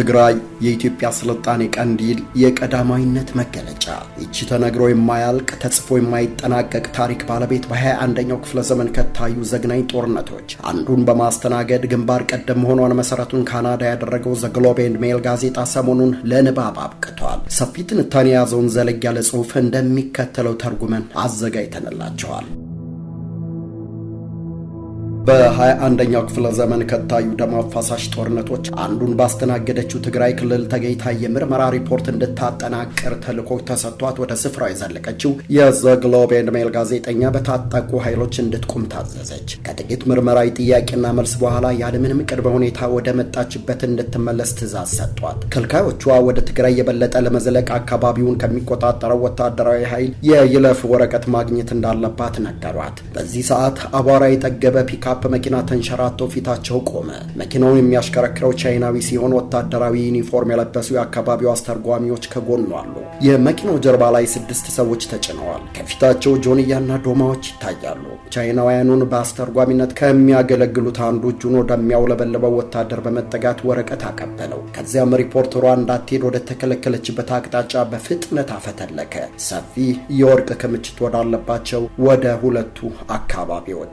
ትግራይ የኢትዮጵያ ስልጣኔ ቀንዲል የቀዳማዊነት መገለጫ። ይቺ ተነግሮ የማያልቅ ተጽፎ የማይጠናቀቅ ታሪክ ባለቤት በ21ኛው ክፍለ ዘመን ከታዩ ዘግናኝ ጦርነቶች አንዱን በማስተናገድ ግንባር ቀደም መሆኗን መሰረቱን ካናዳ ያደረገው ዘ ግሎብ ኤንድ ሜል ጋዜጣ ሰሞኑን ለንባብ አብቅቷል። ሰፊ ትንታኔ የያዘውን ዘለግ ያለ ጽሑፍ እንደሚከተለው ተርጉመን አዘጋጅተንላቸዋል። በ21ኛው ክፍለ ዘመን ከታዩ ደም አፋሳሽ ጦርነቶች አንዱን ባስተናገደችው ትግራይ ክልል ተገኝታ የምርመራ ሪፖርት እንድታጠናቅር ተልዕኮ ተሰጥቷት ወደ ስፍራው የዘለቀችው የዘ ግሎብ ኤንድ ሜል ጋዜጠኛ በታጠቁ ኃይሎች እንድትቆም ታዘዘች። ከጥቂት ምርመራዊ ጥያቄና መልስ በኋላ ያለምንም ቅድመ ሁኔታ ወደ መጣችበት እንድትመለስ ትእዛዝ ሰጥቷት፣ ከልካዮቿ ወደ ትግራይ የበለጠ ለመዝለቅ አካባቢውን ከሚቆጣጠረው ወታደራዊ ኃይል የይለፍ ወረቀት ማግኘት እንዳለባት ነገሯት። በዚህ ሰዓት አቧራ የጠገበ ፒካ ፒክአፕ መኪና ተንሸራቶ ፊታቸው ቆመ። መኪናውን የሚያሽከረክረው ቻይናዊ ሲሆን ወታደራዊ ዩኒፎርም የለበሱ የአካባቢው አስተርጓሚዎች ከጎኑ አሉ። የመኪናው ጀርባ ላይ ስድስት ሰዎች ተጭነዋል። ከፊታቸው ጆንያና ዶማዎች ይታያሉ። ቻይናውያኑን በአስተርጓሚነት ከሚያገለግሉት አንዱ እጁን ወደሚያውለበልበው ወታደር በመጠጋት ወረቀት አቀበለው። ከዚያም ሪፖርተሯ እንዳትሄድ ወደ ተከለከለችበት አቅጣጫ በፍጥነት አፈተለከ። ሰፊ የወርቅ ክምችት ወዳለባቸው ወደ ሁለቱ አካባቢዎች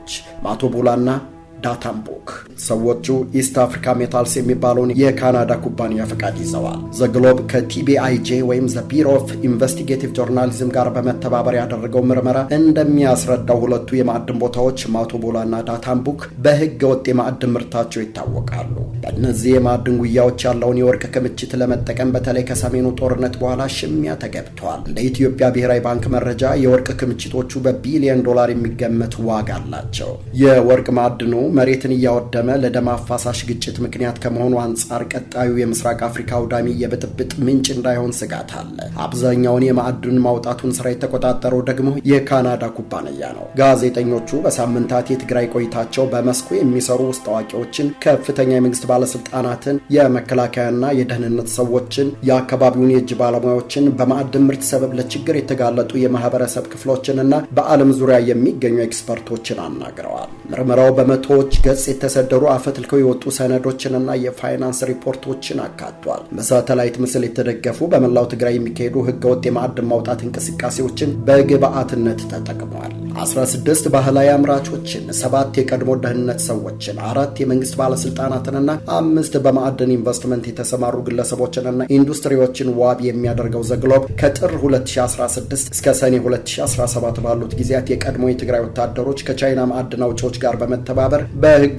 ማቶቡላና 몰라? ዳታምቡክ ሰዎቹ ኢስት አፍሪካ ሜታልስ የሚባለውን የካናዳ ኩባንያ ፈቃድ ይዘዋል። ዘግሎብ ከቲቢአይጄ ወይም ዘ ቢሮ ኦፍ ኢንቨስቲጌቲቭ ጆርናሊዝም ጋር በመተባበር ያደረገው ምርመራ እንደሚያስረዳው ሁለቱ የማዕድን ቦታዎች ማቶቦላ እና ዳታምቡክ በህገ ወጥ የማዕድን ምርታቸው ይታወቃሉ። በእነዚህ የማዕድን ጉያዎች ያለውን የወርቅ ክምችት ለመጠቀም በተለይ ከሰሜኑ ጦርነት በኋላ ሽሚያ ተገብቷል። እንደ ኢትዮጵያ ብሔራዊ ባንክ መረጃ የወርቅ ክምችቶቹ በቢሊዮን ዶላር የሚገመት ዋጋ አላቸው። የወርቅ ማዕድኑ መሬትን እያወደመ ለደም አፋሳሽ ግጭት ምክንያት ከመሆኑ አንጻር ቀጣዩ የምስራቅ አፍሪካ አውዳሚ የብጥብጥ ምንጭ እንዳይሆን ስጋት አለ። አብዛኛውን የማዕድን ማውጣቱን ስራ የተቆጣጠረው ደግሞ የካናዳ ኩባንያ ነው። ጋዜጠኞቹ በሳምንታት የትግራይ ቆይታቸው በመስኩ የሚሰሩ ውስጥ ታዋቂዎችን፣ ከፍተኛ የመንግስት ባለስልጣናትን፣ የመከላከያና የደህንነት ሰዎችን፣ የአካባቢውን የእጅ ባለሙያዎችን፣ በማዕድን ምርት ሰበብ ለችግር የተጋለጡ የማህበረሰብ ክፍሎችንና በዓለም ዙሪያ የሚገኙ ኤክስፐርቶችን አናግረዋል። ምርመራው በመቶ በመቶዎች ገጽ የተሰደሩ አፈትልከው የወጡ ሰነዶችንና የፋይናንስ ሪፖርቶችን አካቷል። በሳተላይት ምስል የተደገፉ በመላው ትግራይ የሚካሄዱ ህገወጥ የማዕድን ማውጣት እንቅስቃሴዎችን በግብአትነት ተጠቅመዋል። 16 ባህላዊ አምራቾችን፣ ሰባት የቀድሞ ደህንነት ሰዎችን፣ አራት የመንግስት ባለስልጣናትንና አምስት በማዕድን ኢንቨስትመንት የተሰማሩ ግለሰቦችንና ኢንዱስትሪዎችን ዋቢ የሚያደርገው ዘግሎብ ከጥር 2016 እስከ ሰኔ 2017 ባሉት ጊዜያት የቀድሞ የትግራይ ወታደሮች ከቻይና ማዕድን አውጪዎች ጋር በመተባበር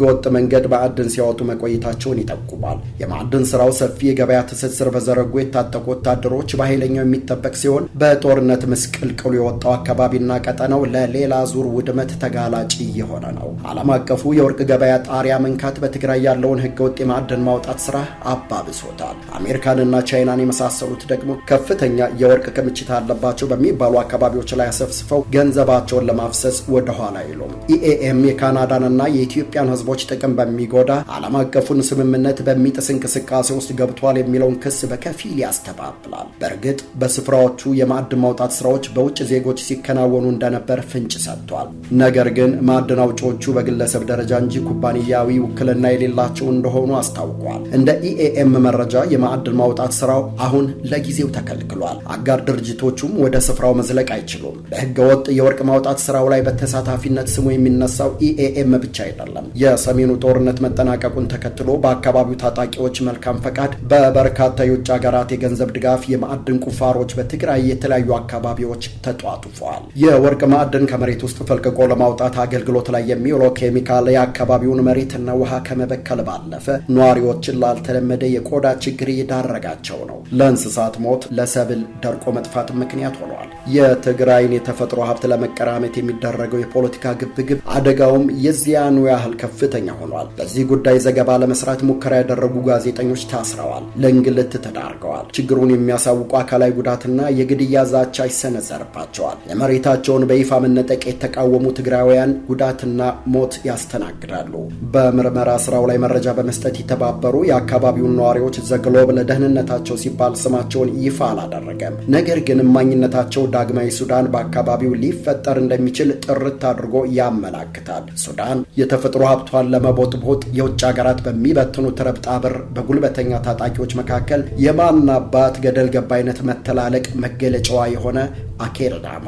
ወጥ መንገድ ማዕድን ሲያወጡ መቆየታቸውን ይጠቁማል። የማዕድን ስራው ሰፊ የገበያ ትስስር በዘረጉ የታጠቁ ወታደሮች በኃይለኛው የሚጠበቅ ሲሆን በጦርነት ምስቅልቅሉ የወጣው አካባቢና ቀጠናው ለሌላ ዙር ውድመት ተጋላጭ እየሆነ ነው። ዓለም አቀፉ የወርቅ ገበያ ጣሪያ መንካት በትግራይ ያለውን ወጥ የማዕድን ማውጣት ስራ አባብሶታል። አሜሪካንና ቻይናን የመሳሰሉት ደግሞ ከፍተኛ የወርቅ ክምችት አለባቸው በሚባሉ አካባቢዎች ላይ አሰፍስፈው ገንዘባቸውን ለማፍሰስ ወደኋላ አይሉም። ኢኤኤም የካናዳንና የኢትዮ የኢትዮጵያን ሕዝቦች ጥቅም በሚጎዳ ዓለም አቀፉን ስምምነት በሚጥስ እንቅስቃሴ ውስጥ ገብቷል የሚለውን ክስ በከፊል ያስተባብላል። በእርግጥ በስፍራዎቹ የማዕድን ማውጣት ስራዎች በውጭ ዜጎች ሲከናወኑ እንደነበር ፍንጭ ሰጥቷል። ነገር ግን ማዕድን አውጪዎቹ በግለሰብ ደረጃ እንጂ ኩባንያዊ ውክልና የሌላቸው እንደሆኑ አስታውቋል። እንደ ኢኤኤም መረጃ የማዕድን ማውጣት ስራው አሁን ለጊዜው ተከልክሏል። አጋር ድርጅቶቹም ወደ ስፍራው መዝለቅ አይችሉም። በህገ ወጥ የወርቅ ማውጣት ስራው ላይ በተሳታፊነት ስሙ የሚነሳው ኢኤኤም ብቻ አይደለም። አይደለም። የሰሜኑ ጦርነት መጠናቀቁን ተከትሎ በአካባቢው ታጣቂዎች መልካም ፈቃድ በበርካታ የውጭ ሀገራት የገንዘብ ድጋፍ የማዕድን ቁፋሮች በትግራይ የተለያዩ አካባቢዎች ተጧጡፈዋል። የወርቅ ማዕድን ከመሬት ውስጥ ፈልቅቆ ለማውጣት አገልግሎት ላይ የሚውለው ኬሚካል የአካባቢውን መሬትና ውሃ ከመበከል ባለፈ ነዋሪዎችን ላልተለመደ የቆዳ ችግር እየዳረጋቸው ነው። ለእንስሳት ሞት፣ ለሰብል ደርቆ መጥፋት ምክንያት ሆኗል። የትግራይን የተፈጥሮ ሀብት ለመቀራመት የሚደረገው የፖለቲካ ግብግብ አደጋውም የዚያኑ ያህል ከፍተኛ ሆኗል። በዚህ ጉዳይ ዘገባ ለመስራት ሙከራ ያደረጉ ጋዜጠኞች ታስረዋል፣ ለእንግልት ተዳርገዋል። ችግሩን የሚያሳውቁ አካላዊ ጉዳትና የግድያ ዛቻ ይሰነዘርባቸዋል። የመሬታቸውን በይፋ መነጠቅ የተቃወሙ ትግራውያን ጉዳትና ሞት ያስተናግዳሉ። በምርመራ ስራው ላይ መረጃ በመስጠት የተባበሩ የአካባቢውን ነዋሪዎች ዘግሎብ ለደህንነታቸው ሲባል ስማቸውን ይፋ አላደረገም። ነገር ግን እማኝነታቸው ዳግማዊ ሱዳን በአካባቢው ሊፈጠር እንደሚችል ጥርት አድርጎ ያመላክታል። ሱዳን የተፈ የተፈጥሮ ሀብቷን ለመቦጥቦጥ የውጭ ሀገራት በሚበትኑት ረብጣ ብር በጉልበተኛ ታጣቂዎች መካከል የማናባት ገደል ገባይነት መተላለቅ መገለጫዋ የሆነ አኬርዳማ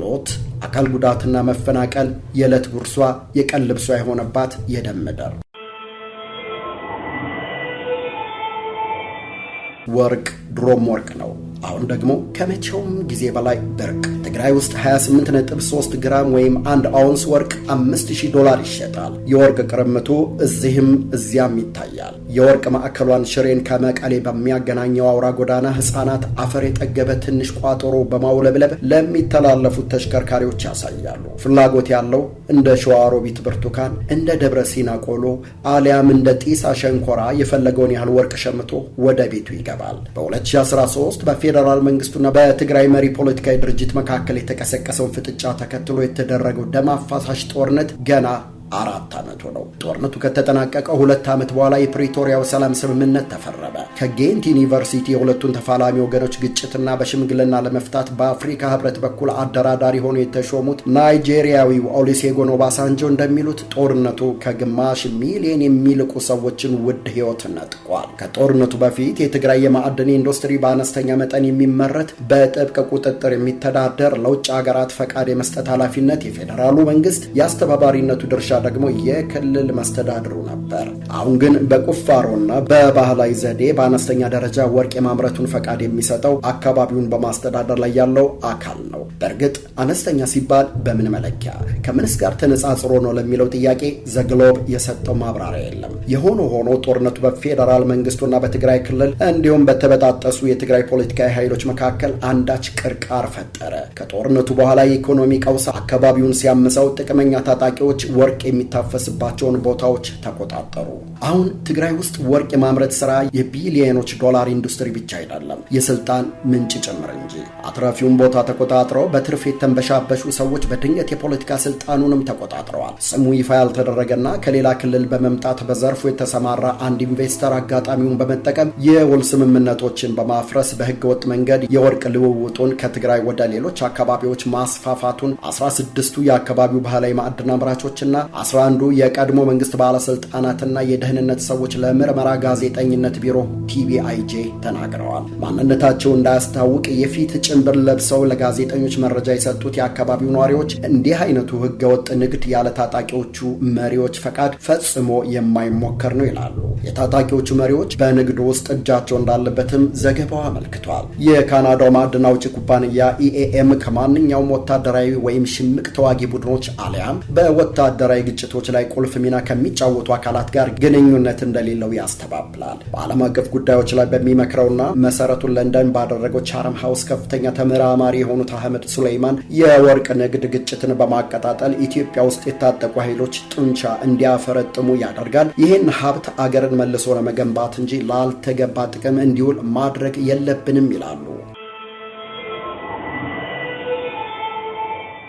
ሞት፣ አካል ጉዳትና መፈናቀል የዕለት ጉርሷ የቀን ልብሷ የሆነባት የደምደር ወርቅ ድሮም ወርቅ ነው። አሁን ደግሞ ከመቼውም ጊዜ በላይ ድርቅ። ትግራይ ውስጥ 28.3 ግራም ወይም አንድ አውንስ ወርቅ 5000 ዶላር ይሸጣል። የወርቅ ቅርምቱ እዚህም እዚያም ይታያል። የወርቅ ማዕከሏን ሽሬን ከመቀሌ በሚያገናኘው አውራ ጎዳና ሕፃናት አፈር የጠገበ ትንሽ ቋጠሮ በማውለብለብ ለሚተላለፉት ተሽከርካሪዎች ያሳያሉ። ፍላጎት ያለው እንደ ሸዋሮቢት ብርቱካን፣ እንደ ደብረ ሲና ቆሎ አሊያም እንደ ጢስ አሸንኮራ የፈለገውን ያህል ወርቅ ሸምቶ ወደ ቤቱ ይገባል። በ2013 በፌ በፌዴራል መንግስቱና በትግራይ መሪ ፖለቲካዊ ድርጅት መካከል የተቀሰቀሰውን ፍጥጫ ተከትሎ የተደረገው ደም አፋሳሽ ጦርነት ገና አራት ዓመቱ ነው። ጦርነቱ ከተጠናቀቀ ሁለት ዓመት በኋላ የፕሪቶሪያው ሰላም ስምምነት ተፈረመ። ከጌንት ዩኒቨርሲቲ የሁለቱን ተፋላሚ ወገኖች ግጭትና በሽምግልና ለመፍታት በአፍሪካ ህብረት በኩል አደራዳሪ ሆኖ የተሾሙት ናይጄሪያዊው ኦሉሴጎን ኦባሳንጆ እንደሚሉት ጦርነቱ ከግማሽ ሚሊዮን የሚልቁ ሰዎችን ውድ ህይወት ነጥቋል። ከጦርነቱ በፊት የትግራይ የማዕድን ኢንዱስትሪ በአነስተኛ መጠን የሚመረት በጥብቅ ቁጥጥር የሚተዳደር ለውጭ ሀገራት ፈቃድ የመስጠት ኃላፊነት የፌዴራሉ መንግስት የአስተባባሪነቱ ድርሻ ደግሞ የክልል መስተዳድሩ ነበር። አሁን ግን በቁፋሮና በባህላዊ ዘዴ በአነስተኛ ደረጃ ወርቅ የማምረቱን ፈቃድ የሚሰጠው አካባቢውን በማስተዳደር ላይ ያለው አካል ነው። በእርግጥ አነስተኛ ሲባል በምን መለኪያ ከምንስ ጋር ተነጻጽሮ ነው ለሚለው ጥያቄ ዘግሎብ የሰጠው ማብራሪያ የለም። የሆነ ሆኖ ጦርነቱ በፌዴራል መንግስቱና በትግራይ ክልል እንዲሁም በተበጣጠሱ የትግራይ ፖለቲካዊ ኃይሎች መካከል አንዳች ቅርቃር ፈጠረ። ከጦርነቱ በኋላ የኢኮኖሚ ቀውስ አካባቢውን ሲያምሰው ጥቅመኛ ታጣቂዎች ወርቅ የሚታፈስባቸውን ቦታዎች ተቆጣጠሩ። አሁን ትግራይ ውስጥ ወርቅ የማምረት ስራ የቢሊዮኖች ዶላር ኢንዱስትሪ ብቻ አይደለም፣ የስልጣን ምንጭ ጭምር እንጂ። አትራፊውን ቦታ ተቆጣጥረው በትርፍ የተንበሻበሹ ሰዎች በድንገት የፖለቲካ ስልጣኑንም ተቆጣጥረዋል። ስሙ ይፋ ያልተደረገና ከሌላ ክልል በመምጣት በዘርፉ የተሰማራ አንድ ኢንቨስተር አጋጣሚውን በመጠቀም የውል ስምምነቶችን በማፍረስ በህገወጥ መንገድ የወርቅ ልውውጡን ከትግራይ ወደ ሌሎች አካባቢዎች ማስፋፋቱን 16ቱ የአካባቢው ባህላዊ ማዕድን አምራቾችና አስራ አንዱ የቀድሞ መንግስት ባለስልጣናትና የደህንነት ሰዎች ለምርመራ ጋዜጠኝነት ቢሮ ቲቢአይጄ ተናግረዋል። ማንነታቸው እንዳያስታውቅ የፊት ጭንብር ለብሰው ለጋዜጠኞች መረጃ የሰጡት የአካባቢው ነዋሪዎች እንዲህ አይነቱ ህገወጥ ንግድ ያለ ታጣቂዎቹ መሪዎች ፈቃድ ፈጽሞ የማይሞከር ነው ይላሉ። የታጣቂዎቹ መሪዎች በንግዱ ውስጥ እጃቸው እንዳለበትም ዘገባው አመልክቷል። የካናዳው ማዕድን አውጪ ኩባንያ ኢኤኤም ከማንኛውም ወታደራዊ ወይም ሽምቅ ተዋጊ ቡድኖች አሊያም በወታደራዊ ግጭቶች ላይ ቁልፍ ሚና ከሚጫወቱ አካላት ጋር ግንኙነት እንደሌለው ያስተባብላል። በዓለም አቀፍ ጉዳዮች ላይ በሚመክረውና መሰረቱን ለንደን ባደረገው ቻረም ሀውስ ከፍተኛ ተመራማሪ የሆኑት አህመድ ሱሌይማን የወርቅ ንግድ ግጭትን በማቀጣጠል ኢትዮጵያ ውስጥ የታጠቁ ኃይሎች ጡንቻ እንዲያፈረጥሙ ያደርጋል። ይህን ሀብት አገርን መልሶ ለመገንባት እንጂ ላልተገባ ጥቅም እንዲውል ማድረግ የለብንም ይላሉ።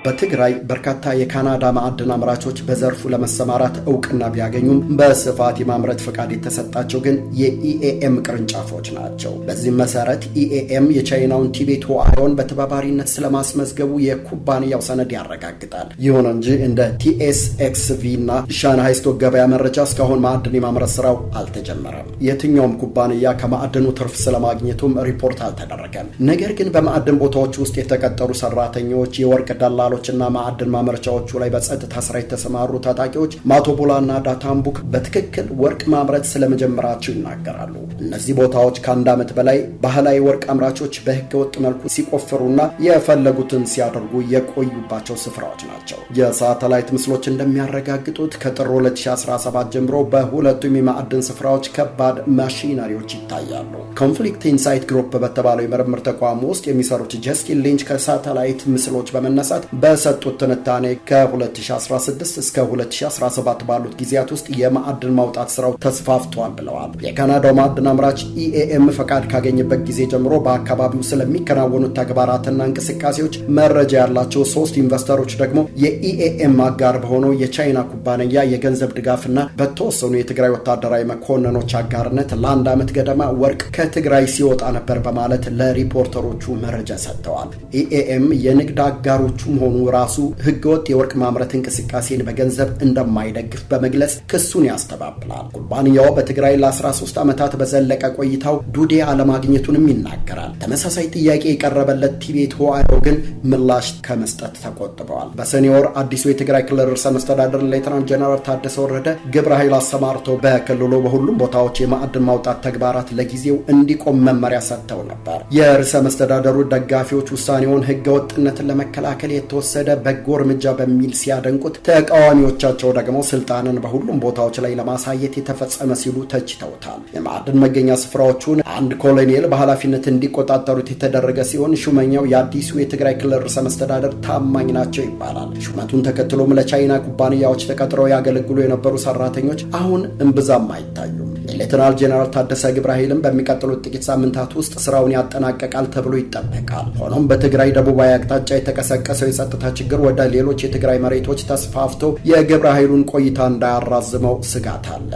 በትግራይ በርካታ የካናዳ ማዕድን አምራቾች በዘርፉ ለመሰማራት እውቅና ቢያገኙም በስፋት የማምረት ፈቃድ የተሰጣቸው ግን የኢኤኤም ቅርንጫፎች ናቸው። በዚህም መሰረት ኢኤኤም የቻይናውን ቲቤቶ አዮን በተባባሪነት ስለማስመዝገቡ የኩባንያው ሰነድ ያረጋግጣል። ይሁን እንጂ እንደ ቲኤስኤክስቪ እና ሻንሃይ ስቶክ ገበያ መረጃ እስካሁን ማዕድን የማምረት ስራው አልተጀመረም። የትኛውም ኩባንያ ከማዕድኑ ትርፍ ስለማግኘቱም ሪፖርት አልተደረገም። ነገር ግን በማዕድን ቦታዎች ውስጥ የተቀጠሩ ሰራተኞች የወርቅ ደላላ ሆስፒታሎችና ማዕድን ማምረቻዎቹ ላይ በጸጥታ ስራ የተሰማሩ ታጣቂዎች ማቶቦላና ዳታምቡክ በትክክል ወርቅ ማምረት ስለመጀመራቸው ይናገራሉ። እነዚህ ቦታዎች ከአንድ ዓመት በላይ ባህላዊ ወርቅ አምራቾች በህገ ወጥ መልኩ ሲቆፍሩና የፈለጉትን ሲያደርጉ የቆዩባቸው ስፍራዎች ናቸው። የሳተላይት ምስሎች እንደሚያረጋግጡት ከጥር 2017 ጀምሮ በሁለቱም የማዕድን ስፍራዎች ከባድ ማሽነሪዎች ይታያሉ። ኮንፍሊክት ኢንሳይት ግሩፕ በተባለው የምርምር ተቋም ውስጥ የሚሰሩት ጀስቲን ሊንች ከሳተላይት ምስሎች በመነሳት በሰጡት ትንታኔ ከ2016 እስከ 2017 ባሉት ጊዜያት ውስጥ የማዕድን ማውጣት ስራው ተስፋፍቷል ብለዋል። የካናዳው ማዕድን አምራች ኢኤኤም ፈቃድ ካገኘበት ጊዜ ጀምሮ በአካባቢው ስለሚከናወኑት ተግባራትና እንቅስቃሴዎች መረጃ ያላቸው ሶስት ኢንቨስተሮች ደግሞ የኢኤኤም አጋር በሆነው የቻይና ኩባንያ የገንዘብ ድጋፍና በተወሰኑ የትግራይ ወታደራዊ መኮንኖች አጋርነት ለአንድ ዓመት ገደማ ወርቅ ከትግራይ ሲወጣ ነበር በማለት ለሪፖርተሮቹ መረጃ ሰጥተዋል። ኢኤኤም የንግድ አጋሮቹ መሆኑ መሆኑ ራሱ ህገወጥ የወርቅ ማምረት እንቅስቃሴን በገንዘብ እንደማይደግፍ በመግለጽ ክሱን ያስተባብላል። ኩባንያው በትግራይ ለ13 ዓመታት በዘለቀ ቆይታው ዱዴ አለማግኘቱንም ይናገራል። ተመሳሳይ ጥያቄ የቀረበለት ቲቤት ሆዋዮ ግን ምላሽ ከመስጠት ተቆጥበዋል። በሰኔ ወር አዲሱ የትግራይ ክልል ርዕሰ መስተዳደር ሌተናንት ጀነራል ታደሰ ወረደ ግብረ ኃይል አሰማርቶ በክልሉ በሁሉም ቦታዎች የማዕድን ማውጣት ተግባራት ለጊዜው እንዲቆም መመሪያ ሰጥተው ነበር። የርዕሰ መስተዳደሩ ደጋፊዎች ውሳኔውን ህገወጥነትን ለመከላከል የተወ የተወሰደ በጎ እርምጃ በሚል ሲያደንቁት፣ ተቃዋሚዎቻቸው ደግሞ ስልጣንን በሁሉም ቦታዎች ላይ ለማሳየት የተፈጸመ ሲሉ ተችተውታል። የማዕድን መገኛ ስፍራዎቹን አንድ ኮሎኔል በኃላፊነት እንዲቆጣጠሩት የተደረገ ሲሆን ሹመኛው የአዲሱ የትግራይ ክልል ርዕሰ መስተዳደር ታማኝ ናቸው ይባላል። ሹመቱን ተከትሎም ለቻይና ኩባንያዎች ተቀጥረው ያገለግሉ የነበሩ ሰራተኞች አሁን እምብዛም አይታዩም። ሌተናል ጄኔራል ታደሰ ግብረ በሚቀጥሉት ጥቂት ሳምንታት ውስጥ ስራውን ያጠናቀቃል ተብሎ ይጠበቃል። ሆኖም በትግራይ ደቡባዊ አቅጣጫ የተቀሰቀሰው የጸጥታ ችግር ወደ ሌሎች የትግራይ መሬቶች ተስፋፍቶ የግብረ ኃይሉን ቆይታ እንዳያራዝመው ስጋት አለ።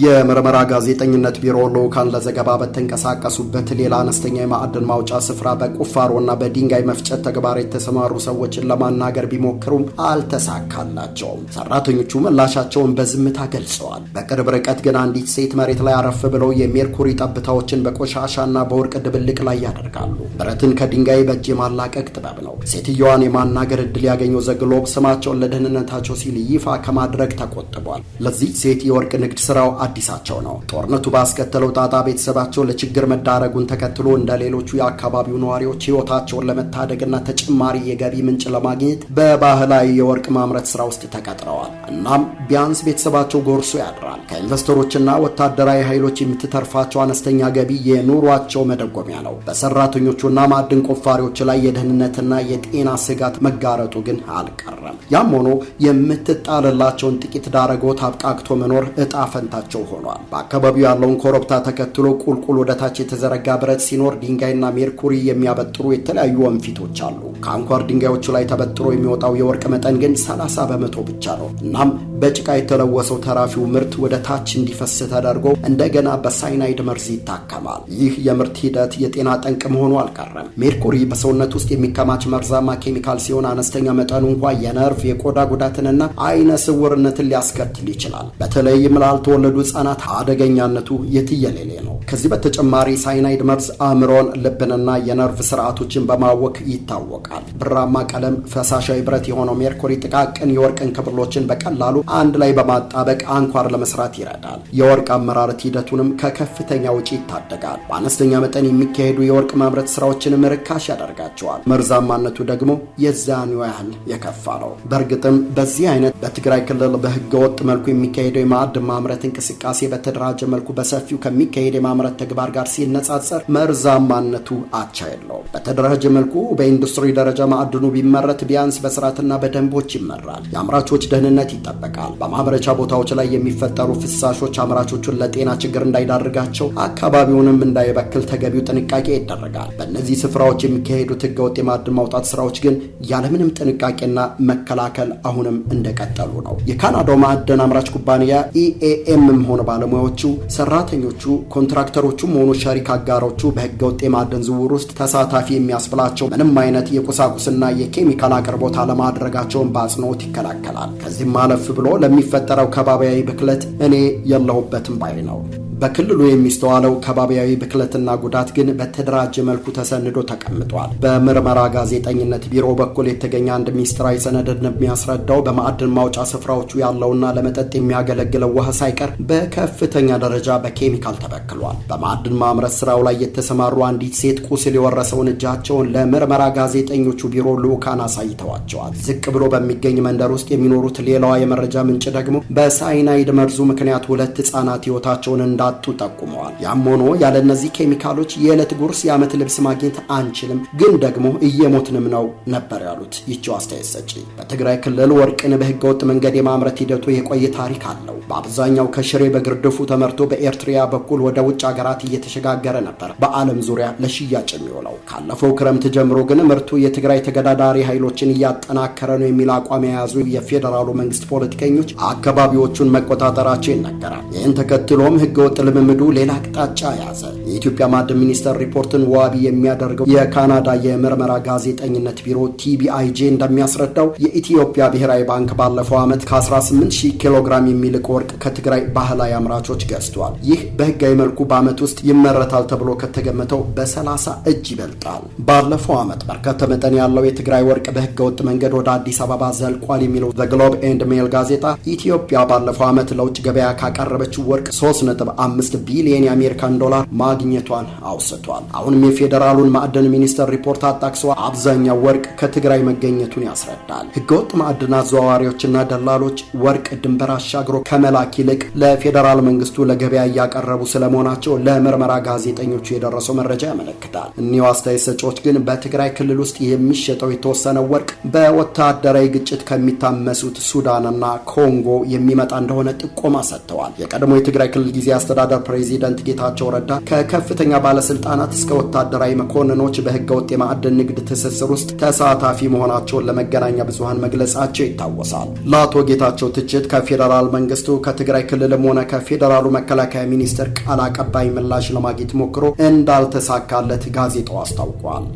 የምርመራ ጋዜጠኝነት ቢሮ ልዑካን ለዘገባ በተንቀሳቀሱበት ሌላ አነስተኛ የማዕድን ማውጫ ስፍራ በቁፋሮና በድንጋይ መፍጨት ተግባር የተሰማሩ ሰዎችን ለማናገር ቢሞክሩም አልተሳካላቸውም። ሰራተኞቹ ምላሻቸውን በዝምታ ገልጸዋል። በቅርብ ርቀት ግን አንዲት ሴት መሬት ላይ አረፍ ብለው የሜርኩሪ ጠብታዎችን በቆሻሻና በወርቅ ድብልቅ ላይ ያደርጋሉ። ብረትን ከድንጋይ በእጅ የማላቀቅ ጥበብ ነው። ሴትየዋን የማናገር እድል ያገኘው ዘግሎብ ስማቸውን ለደህንነታቸው ሲል ይፋ ከማድረግ ተቆጥቧል። ለዚህ ሴት የወርቅ ንግድ ስራው አዲሳቸው ነው። ጦርነቱ ባስከተለው ጣጣ ቤተሰባቸው ለችግር መዳረጉን ተከትሎ እንደ ሌሎቹ የአካባቢው ነዋሪዎች ህይወታቸውን ለመታደግና ተጨማሪ የገቢ ምንጭ ለማግኘት በባህላዊ የወርቅ ማምረት ስራ ውስጥ ተቀጥረዋል። እናም ቢያንስ ቤተሰባቸው ጎርሶ ያድራል። ከኢንቨስተሮችና ወታደራዊ ኃይሎች የምትተርፋቸው አነስተኛ ገቢ የኑሯቸው መደጎሚያ ነው። በሰራተኞቹና ማዕድን ቆፋሪዎች ላይ የደህንነትና የጤና ስጋት መጋረጡ ግን አልቀረም። ያም ሆኖ የምትጣልላቸውን ጥቂት ዳረጎት አብቃቅቶ መኖር እጣ ፈንታቸው መሆናቸው ሆኗል። በአካባቢው ያለውን ኮረብታ ተከትሎ ቁልቁል ወደታች የተዘረጋ ብረት ሲኖር ድንጋይና ሜርኩሪ የሚያበጥሩ የተለያዩ ወንፊቶች አሉ። ከአንኳር ድንጋዮቹ ላይ ተበጥሮ የሚወጣው የወርቅ መጠን ግን 30 በመቶ ብቻ ነው። እናም በጭቃ የተለወሰው ተራፊው ምርት ወደ ታች እንዲፈስ ተደርጎ እንደገና በሳይናይድ መርዝ ይታከማል። ይህ የምርት ሂደት የጤና ጠንቅ መሆኑ አልቀረም። ሜርኩሪ በሰውነት ውስጥ የሚከማች መርዛማ ኬሚካል ሲሆን አነስተኛ መጠኑ እንኳ የነርቭ የቆዳ ጉዳትንና አይነ ስውርነትን ሊያስከትል ይችላል። በተለይም ላልተወለዱ ህጻናት አደገኛነቱ የትየሌሌ ነው። ከዚህ በተጨማሪ ሳይናይድ መርዝ አእምሮን፣ ልብንና የነርቭ ስርዓቶችን በማወክ ይታወቃል። ብራማ ቀለም ፈሳሻዊ ብረት የሆነው ሜርኩሪ ጥቃቅን የወርቅን ክብሎችን በቀላሉ አንድ ላይ በማጣበቅ አንኳር ለመስራት ይረዳል። የወርቅ አመራረት ሂደቱንም ከከፍተኛ ውጪ ይታደጋል። በአነስተኛ መጠን የሚካሄዱ የወርቅ ማምረት ስራዎችንም ርካሽ ያደርጋቸዋል። መርዛማነቱ ደግሞ የዚያኑ ያህል የከፋ ነው። በእርግጥም በዚህ አይነት በትግራይ ክልል በህገወጥ መልኩ የሚካሄደው የማዕድን ማምረት እንቅስቃሴ እንቅስቃሴ በተደራጀ መልኩ በሰፊው ከሚካሄድ የማምረት ተግባር ጋር ሲነጻጸር መርዛማነቱ አቻ የለውም። በተደራጀ መልኩ በኢንዱስትሪ ደረጃ ማዕድኑ ቢመረት ቢያንስ በስርዓትና በደንቦች ይመራል። የአምራቾች ደህንነት ይጠበቃል። በማምረቻ ቦታዎች ላይ የሚፈጠሩ ፍሳሾች አምራቾቹን ለጤና ችግር እንዳይዳርጋቸው፣ አካባቢውንም እንዳይበክል ተገቢው ጥንቃቄ ይደረጋል። በእነዚህ ስፍራዎች የሚካሄዱት ህገወጥ የማዕድን ማውጣት ስራዎች ግን ያለምንም ጥንቃቄና መከላከል አሁንም እንደቀጠሉ ነው። የካናዳው ማዕድን አምራች ኩባንያ ኢኤኤም መንግስትም ሆነ ባለሙያዎቹ፣ ሰራተኞቹ፣ ኮንትራክተሮቹም ሆኑ ሸሪክ አጋሮቹ በህገወጥ የማዕድን ዝውውር ውስጥ ተሳታፊ የሚያስብላቸው ምንም አይነት የቁሳቁስና የኬሚካል አቅርቦት አለማድረጋቸውን በአጽንኦት ይከላከላል። ከዚህም አለፍ ብሎ ለሚፈጠረው ከባቢያዊ ብክለት እኔ የለሁበትም ባይ ነው። በክልሉ የሚስተዋለው ከባቢያዊ ብክለትና ጉዳት ግን በተደራጀ መልኩ ተሰንዶ ተቀምጧል። በምርመራ ጋዜጠኝነት ቢሮ በኩል የተገኘ አንድ ሚስጥራዊ ሰነድ እንደሚያስረዳው በማዕድን ማውጫ ስፍራዎቹ ያለውና ለመጠጥ የሚያገለግለው ውሃ ሳይቀር በከፍተኛ ደረጃ በኬሚካል ተበክሏል። በማዕድን ማምረት ስራው ላይ የተሰማሩ አንዲት ሴት ቁስል የወረሰውን እጃቸውን ለምርመራ ጋዜጠኞቹ ቢሮ ልዑካን አሳይተዋቸዋል። ዝቅ ብሎ በሚገኝ መንደር ውስጥ የሚኖሩት ሌላዋ የመረጃ ምንጭ ደግሞ በሳይናይድ መርዙ ምክንያት ሁለት ህጻናት ህይወታቸውን እንዳ እንዳጡ ጠቁመዋል። ያም ሆኖ ያለ እነዚህ ኬሚካሎች የዕለት ጉርስ የዓመት ልብስ ማግኘት አንችልም፣ ግን ደግሞ እየሞትንም ነው ነበር ያሉት ይቺው አስተያየት ሰጪ። በትግራይ ክልል ወርቅን በህገወጥ መንገድ የማምረት ሂደቱ የቆየ ታሪክ አለው። በአብዛኛው ከሽሬ በግርድፉ ተመርቶ በኤርትሪያ በኩል ወደ ውጭ ሀገራት እየተሸጋገረ ነበር በዓለም ዙሪያ ለሽያጭ የሚውለው። ካለፈው ክረምት ጀምሮ ግን ምርቱ የትግራይ ተገዳዳሪ ኃይሎችን እያጠናከረ ነው የሚል አቋም የያዙ የፌዴራሉ መንግስት ፖለቲከኞች አካባቢዎቹን መቆጣጠራቸው ይነገራል። ይህን ተከትሎም ህገወጥ ልምምዱ ሌላ አቅጣጫ ያዘ። የኢትዮጵያ ማዕድን ሚኒስቴር ሪፖርትን ዋቢ የሚያደርገው የካናዳ የምርመራ ጋዜጠኝነት ቢሮ ቲቢአይጄ እንደሚያስረዳው የኢትዮጵያ ብሔራዊ ባንክ ባለፈው ዓመት ከ18 ሺህ ኪሎግራም የሚልቅ ወርቅ ከትግራይ ባህላዊ አምራቾች ገዝቷል። ይህ በህጋዊ መልኩ በዓመት ውስጥ ይመረታል ተብሎ ከተገመተው በ30 እጅ ይበልጣል። ባለፈው ዓመት በርካታ መጠን ያለው የትግራይ ወርቅ በህገ ወጥ መንገድ ወደ አዲስ አበባ ዘልቋል የሚለው ዘግሎብ ኤንድ ሜል ጋዜጣ ኢትዮጵያ ባለፈው ዓመት ለውጭ ገበያ ካቀረበችው ወርቅ 3 ነጥብ አምስት ቢሊየን የአሜሪካን ዶላር ማግኘቷን አውስቷል። አሁንም የፌዴራሉን ማዕድን ሚኒስቴር ሪፖርት አጣቅሶ አብዛኛው ወርቅ ከትግራይ መገኘቱን ያስረዳል። ህገወጥ ማዕድን አዘዋዋሪዎችና ደላሎች ወርቅ ድንበር አሻግሮ ከመላክ ይልቅ ለፌዴራል መንግስቱ ለገበያ እያቀረቡ ስለመሆናቸው ለምርመራ ጋዜጠኞቹ የደረሰው መረጃ ያመለክታል። እኒው አስተያየት ሰጪዎች ግን በትግራይ ክልል ውስጥ የሚሸጠው የተወሰነው ወርቅ በወታደራዊ ግጭት ከሚታመሱት ሱዳንና ኮንጎ የሚመጣ እንደሆነ ጥቆማ ሰጥተዋል። የቀድሞ የትግራይ ክልል ጊዜ አስተዳደር ፕሬዚደንት ጌታቸው ረዳ ከከፍተኛ ባለስልጣናት እስከ ወታደራዊ መኮንኖች በህገወጥ የማዕድን ንግድ ትስስር ውስጥ ተሳታፊ መሆናቸውን ለመገናኛ ብዙሀን መግለጻቸው ይታወሳል። ለአቶ ጌታቸው ትችት ከፌዴራል መንግስቱ ከትግራይ ክልልም ሆነ ከፌዴራሉ መከላከያ ሚኒስቴር ቃል አቀባይ ምላሽ ለማግኘት ሞክሮ እንዳልተሳካለት ጋዜጣው አስታውቋል።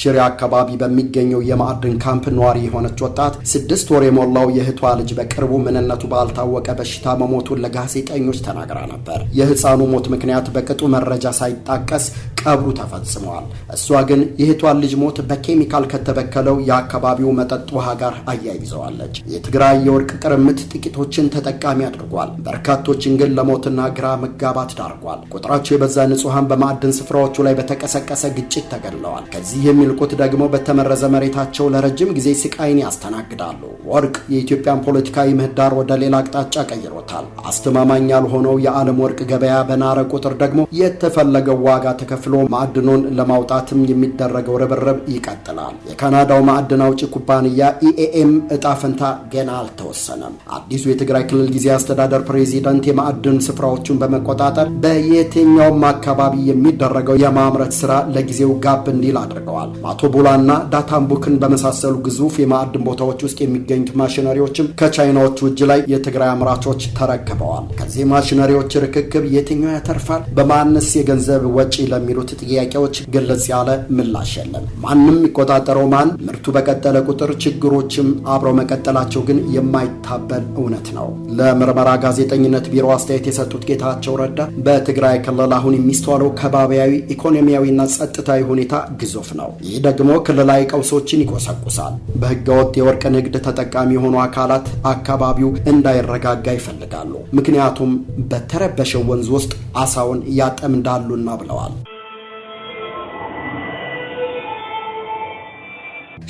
ሽሬ አካባቢ በሚገኘው የማዕድን ካምፕ ነዋሪ የሆነች ወጣት ስድስት ወር የሞላው የእህቷ ልጅ በቅርቡ ምንነቱ ባልታወቀ በሽታ መሞቱን ለጋዜጠኞች ተናግራ ነበር። የህፃኑ ሞት ምክንያት በቅጡ መረጃ ሳይጣቀስ ቀብሩ ተፈጽመዋል። እሷ ግን የእህቷን ልጅ ሞት በኬሚካል ከተበከለው የአካባቢው መጠጥ ውሃ ጋር አያይዘዋለች። የትግራይ የወርቅ ቅርምት ጥቂቶችን ተጠቃሚ አድርጓል፣ በርካቶችን ግን ለሞትና ግራ መጋባት ዳርጓል። ቁጥራቸው የበዛ ንጹሐን በማዕድን ስፍራዎቹ ላይ በተቀሰቀሰ ግጭት ተገድለዋል። ከዚህ የሚ የሚልቁት ደግሞ በተመረዘ መሬታቸው ለረጅም ጊዜ ስቃይን ያስተናግዳሉ። ወርቅ የኢትዮጵያን ፖለቲካዊ ምህዳር ወደ ሌላ አቅጣጫ ቀይሮታል። አስተማማኝ ያልሆነው የዓለም ወርቅ ገበያ በናረ ቁጥር ደግሞ የተፈለገው ዋጋ ተከፍሎ ማዕድኑን ለማውጣትም የሚደረገው ርብርብ ይቀጥላል። የካናዳው ማዕድን አውጪ ኩባንያ ኢኤኤም እጣ ፈንታ ገና አልተወሰነም። አዲሱ የትግራይ ክልል ጊዜ አስተዳደር ፕሬዚደንት የማዕድን ስፍራዎችን በመቆጣጠር በየትኛውም አካባቢ የሚደረገው የማምረት ስራ ለጊዜው ጋብ እንዲል አድርገዋል። በአቶቦላና ዳታምቡክን በመሳሰሉ ግዙፍ የማዕድን ቦታዎች ውስጥ የሚገኙት ማሽነሪዎችም ከቻይናዎቹ እጅ ላይ የትግራይ አምራቾች ተረክበዋል። ከዚህ ማሽነሪዎች ርክክብ የትኛው ያተርፋል? በማንስ የገንዘብ ወጪ ለሚሉት ጥያቄዎች ግልጽ ያለ ምላሽ የለም። ማንም የሚቆጣጠረው ማን፣ ምርቱ በቀጠለ ቁጥር ችግሮችም አብረው መቀጠላቸው ግን የማይታበል እውነት ነው። ለምርመራ ጋዜጠኝነት ቢሮ አስተያየት የሰጡት ጌታቸው ረዳ በትግራይ ክልል አሁን የሚስተዋለው ከባቢያዊ ኢኮኖሚያዊና ጸጥታዊ ሁኔታ ግዙፍ ነው። ይህ ደግሞ ክልላዊ ቀውሶችን ይቆሰቁሳል። በህገወጥ የወርቅ ንግድ ተጠቃሚ የሆኑ አካላት አካባቢው እንዳይረጋጋ ይፈልጋሉ። ምክንያቱም በተረበሸው ወንዝ ውስጥ አሳውን ያጠምዳሉና ብለዋል።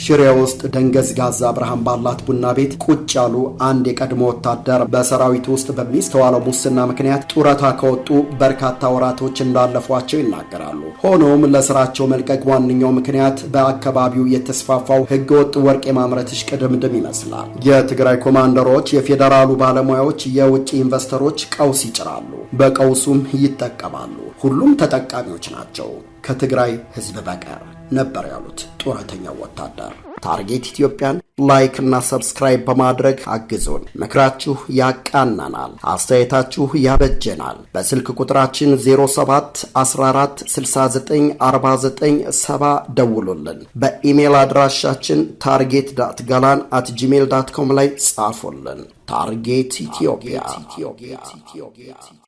ሽሬ ውስጥ ደንገዝ ጋዛ ብርሃን ባላት ቡና ቤት ቁጭ ያሉ አንድ የቀድሞ ወታደር በሰራዊት ውስጥ በሚስተዋለው ሙስና ምክንያት ጡረታ ከወጡ በርካታ ወራቶች እንዳለፏቸው ይናገራሉ። ሆኖም ለስራቸው መልቀቅ ዋነኛው ምክንያት በአካባቢው የተስፋፋው ህገወጥ ወርቅ የማምረት እሽቅድምድም ይመስላል። የትግራይ ኮማንደሮች፣ የፌዴራሉ ባለሙያዎች፣ የውጭ ኢንቨስተሮች ቀውስ ይጭራሉ፣ በቀውሱም ይጠቀማሉ። ሁሉም ተጠቃሚዎች ናቸው ከትግራይ ህዝብ በቀር። ነበር ያሉት ጡረተኛው ወታደር። ታርጌት ኢትዮጵያን ላይክ እና ሰብስክራይብ በማድረግ አግዙን። ምክራችሁ ያቃናናል፣ አስተያየታችሁ ያበጀናል። በስልክ ቁጥራችን 07 14 69 49 70 ደውሉልን። በኢሜይል አድራሻችን ታርጌት ዳት ጋላን አት ጂሜል ዳት ኮም ላይ ጻፉልን። ታርጌት ኢትዮጵያ